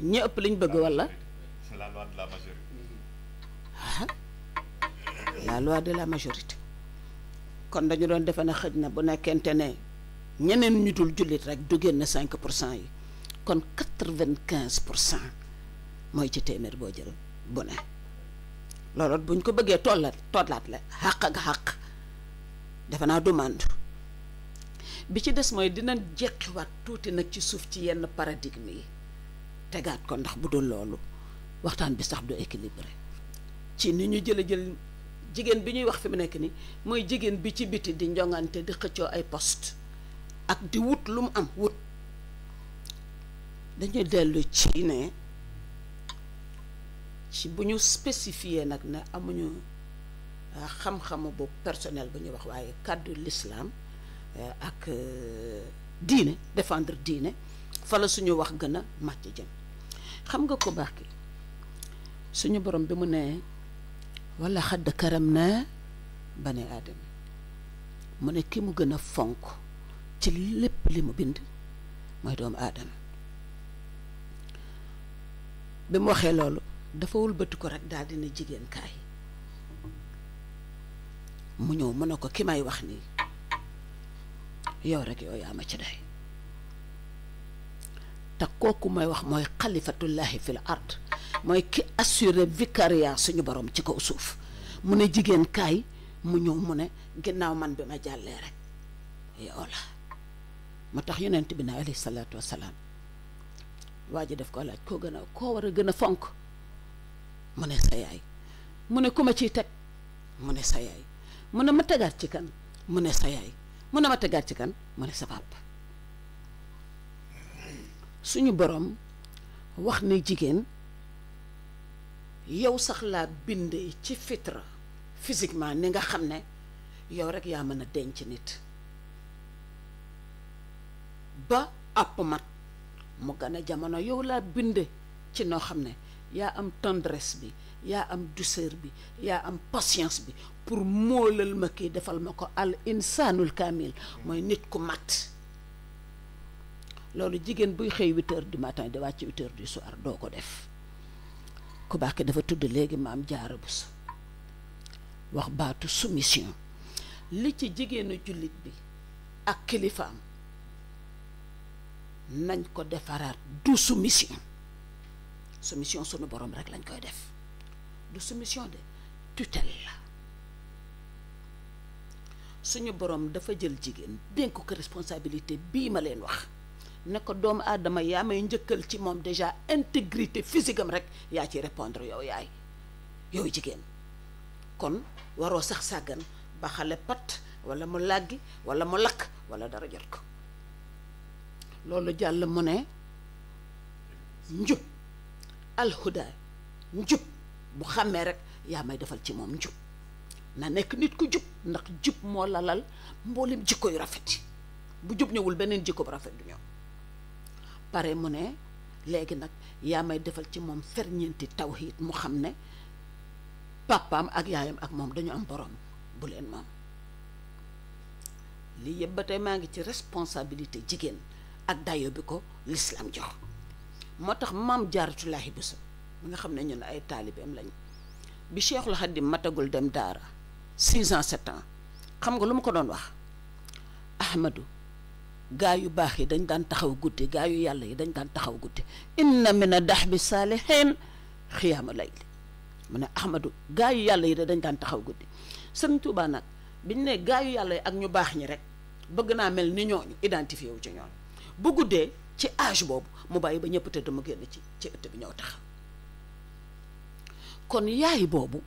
ñi ëpp liñ bëgg wala. c'est ah, la loi de la majorité. kon dañu doon defe ne xëj na bu nekkente ne ñeneen ñu dul jullit rek du génn cinq pour cent yi kon quatre-vingt-quinze pour cent mooy ci téeméer boo jël bu ne looloot buñ ko bëggee tollaat tollaat la xàq ak xàq defe naa demande bi ci des mooy dina jeqiwaat tuuti nag ci suuf ci yenn paradigme yi. tegaat ko ndax bu dul loolu waxtaan bi sax du équilibré ci ni ñu jële jël jigéen bi ñuy wax fi mu nekk ni mooy jigéen bi ci biti di njongante di xëccoo ay post ak di wut lu mu am wut dañuy dellu ci ci bu ñu spécifié nag ne amuñu euh, xam-xamu boobu personnel bu ñuy wax waaye kàddu lislaam euh, ak euh, diine défendre diine fala suñu wax gën a màcc jëm xam nga ko baax ki suñu borom bi mu ne walla xadd karam na bane aadama mu ne ki mu gën a fonk ci lépp li mu bind mooy doomu aadama bi mu waxee loolu dafa wëlbati ko rek daal dina jigéen kaay mu ñëw mu ne ko ki may wax nii yow rek yow yaa ma ci day te kooku mooy wax mooy xalifatullahi fil ard mooy ki assuré vicariat suñu borom ci kaw suuf mu ne jigéen mu ñëw mu ne ginnaaw man bi ma jàllee rek yow la moo tax yonent bi na alayhi salaatu wasalaam waa ji def ko laaj koo gën a koo war a gën a fonk mu ne sa yaay mu ne ku ma ciy teg mu ne sa yaay mu ne ma tegaat ci kan mu ne sa yaay mu ne ma tegaat ci kan mu ne sa papa suñu boroom wax ne jigéen yow sax laa bind ci fitra physiquement ni nga xam ne yow rek yaa mën a denc nit ba àpp mat mu gën jamono yow laa bind ci noo xam ne yaa am tendresse bi yaa am douceur bi yaa am patience bi pour moolal ma kii defal ma ko al insaanul kaamil mooy nit ku mat loolu jigéen buy xëy huit heures du matin di wàcc huit du soir doo ko def ku baax dafa tudd léegi maam jaara buso wax baatu soumission li ci jigéenu jullit bi ak kilifaam nañ ko defaraat du soumission soumission sunu borom rek lañ koy def du soumission de tutelle la suñu boroom dafa jël jigéen dénk ko responsabilité bii ma leen wax ne doomu aadama yaa may njëkkal ci moom déjà intégrité physique rek yaa ci répondre yow yaay yow jigéen kon waroo sax sàggan ba xale pat wala mu làggi wala mu lakk wala dara jot ko loolu jàll mu ne njub alhuda njub bu xàmmee rek yaa may defal ci moom njub na nekk nit ku jub ndax jub moo lalal mboolem jikko yu rafet bu jub ñëwul beneen jikko bu rafet du ñëw pare mu ne léegi nag yaa may defal ci moom ferñeenti tawxiid mu xam ne papaam ak yaayam ak moom dañu am borom bu leen moom lii yëpp ba tey maa ngi ci responsabilité jigéen ak dayo bi ko lislaam jox moo tax maam jaaratulaahi Buso mi nga xam ne ñun ay taalibeem lañ bi Cheikhul Khadim matagul dem daara six ans sept ans xam nga lu mu ko doon wax Ahmadou gaa yu baax yi dañ daan taxaw guddi gaa yu yàlla yi dañ daan taxaw guddi na inna mina dax bi saalihin xiyaama layli mu ne ahmadu gaa yu yàlla yi dañ daan taxaw guddi sëñ Tuubaa nag biñ ne gaa yu yàlla yi ak ñu baax ñi rek bëgg naa mel ni ñooñu identifié wu ci ñooñu bu guddee ci âge boobu mu bàyyi ba ñëpp tëdd mu génn ci ci ëtt bi ñëw taxaw kon yaay boobu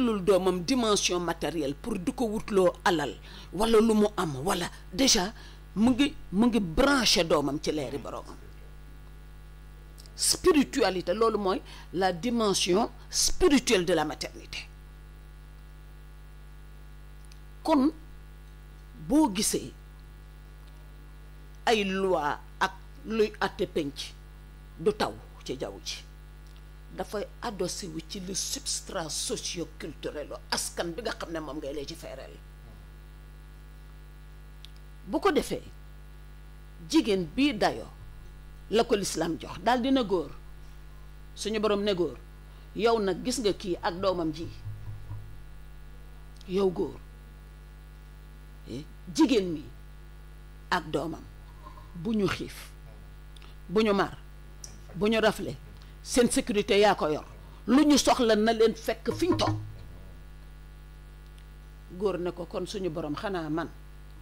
wutalul doomam dimension matérielle pour du ko wutloo alal wala lu mu am wala déjà mu ngi mu ngi brancher doomam ci léri borom spiritualité lolu moy la dimension spirituelle de la maternité kon bo gisee ay loi ak luy àtte penc du taw ci jawu ci dafay adossé wu ci le substrat socioculturel askan bi nga xam ne moom ngay légiférer bu ko defee jigéen bii dayo la ko lislaam jox daal dina góor suñu borom ne góor yow nag gis nga kii ak doomam ji yow góor eh, jigéen mi ak doomam bu ñu xiif bu ñu mar bu ñu rafle seen sécurité yaa ko yor lu ñu soxla na leen fekk fi ñu góor ne ko kon suñu borom xanaa man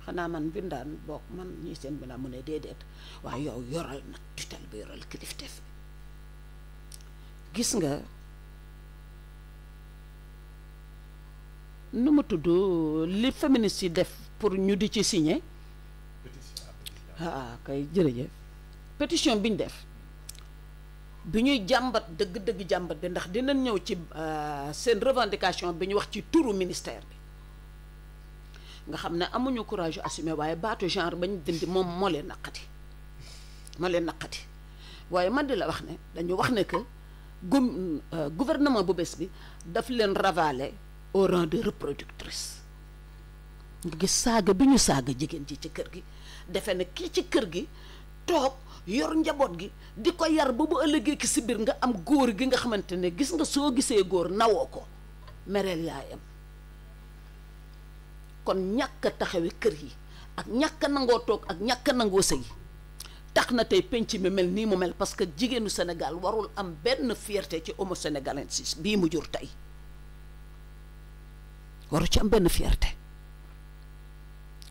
xanaa man bindaan boog man ñii seen bindaan mu ne déedéet waaye yow yoral nag tutelle bi yoral kilifteef gis nga nu mu tudd li féministes yi def pour ñu di ci signer ah, ah kay jërëjëf pétition bi ñu def bi ñuy jàmbat dëgg-dëgg jàmbat bi ndax dina ñëw ci euh, seen revendication bi ñu wax ci turu ministère bi nga xam ne amuñu courage assumé waaye baatu genre bañ dindi moom moo leen naqati moo leen naqati waaye man di la wax ne dañu wax ne que gom euh, gouvernement bu bés bi daf leen ravaler au rang de reproductrice nga gis saaga bi ñu saaga jigéen ji ci kër gi defe ne kii ci kër gi toog yor njaboot gi di ko yar ba bu ëllëgee ki si biir nga am góor gi nga xamante ne gis nga soo gisee góor nawoo ko mereel yaayam kon ñàkk a kër yi ak ñàkk a nangoo toog ak ñàkk nangoo sëy tax na tey penc mi mel nii mu mel parce que jigéenu senegal warul am benn fierté ci homo sénégalensis bii mu jur tey waru ci am benn fierte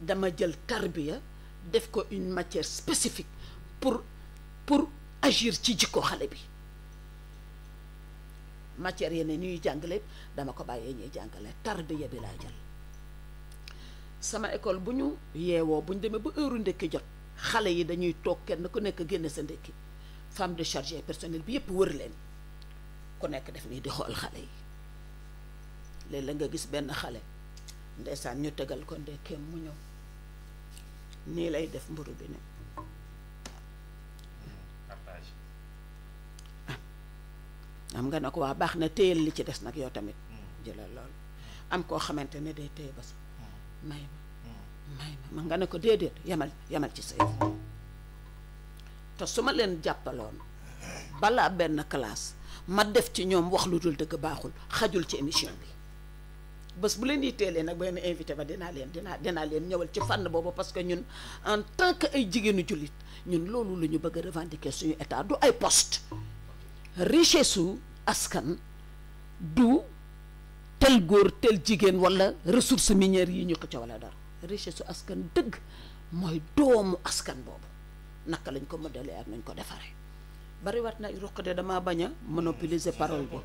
dama jël tarbiya def ko une matière spécifique pour pour agir ci jikko xalé bi matière yeneen ñuy jàngalé dama ko bayé ñuy jàngalé tarbiya bi la jël sama école buñu yéwo yeewoo démé ba heure ndekki jot xalé yi dañuy toog kenn ku nekk sa ndekki femme de chargé personnel bi yépp wër leen ku nekk def nii di xool yi lé la nga gis ben xalé ndeysaan ñu tegal ko ndekkeem mu ñëw nii lay def mburu bi ne ah. am nga ne ko waa baax na téyel li ci des nag yow tamit hmm. jëlal lool hmm. am koo xamante ne day téye bas hmm. may ma may ma ma nga ne ko déedéet yamal yamal ci say te su ma leen jàppaloon balaa benn classe ma def ci ñoom wax lu dul dëgg baaxul xajul ci émission bi bés bu leen di teelee nag ba ngeen invité ma dinaa leen dinaa dinaa leen ñëwal ci fànn boobu parce que ñun en tant que ay jigéenu jullit ñun loolu la ñu bëgg a revendiquer suñu état du ay post richesse su askan du tel góor tel jigéen wala ressources minières yi ñu ko ca wala dara richesse su askan dëgg mooy doomu askan boobu naka lañ ko modeler ak nañ ko defaree bariwaat na ruq de damaa bañ a monopoliser parole boobu